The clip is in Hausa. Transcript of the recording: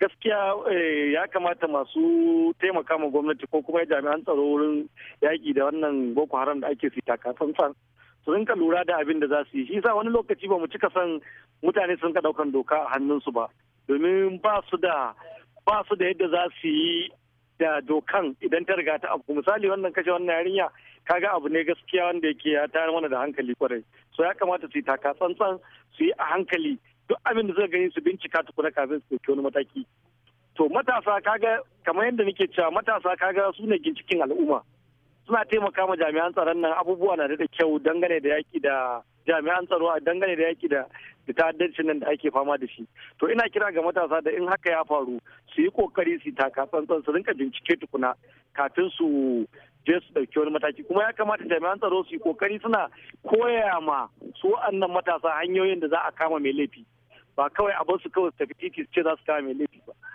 gaskiya eh, ya kamata masu taimaka ma gwamnati ko kuma jami'an tsaro wurin yaƙi da wannan boko haram da ake su taka tsantsan su rinka lura da abin da za su yi shi sa wani lokaci ba mu cika son mutane sun ka ɗaukan doka a hannunsu ba domin ba su da ba su da yadda za su yi da dokan idan ta riga ta abu misali wannan kashe wannan yarinya kaga abu ne gaskiya wanda yake ya tayar mana da hankali kwarai so ya kamata su yi taka tsantsan su yi a hankali duk abin da suka gani su bincika tukuna kafin su ɗauki wani mataki to matasa kaga kamar yadda nake cewa matasa kaga su ne ginshikin al'umma suna taimaka ma jami'an tsaron nan abubuwa na da kyau dangane da yaki da jami'an tsaro dangane da yaki da da ta'addancin nan da ake fama da shi to ina kira ga matasa da in haka ya faru su yi kokari su taka tsantsan su rinka bincike tukuna kafin su je su dauki wani mataki kuma ya kamata jami'an tsaro su yi kokari suna koya ma su wa'annan matasa hanyoyin da za a kama mai laifi ba kawai a su kawai tafi titi su ce za su kama mai laifi ba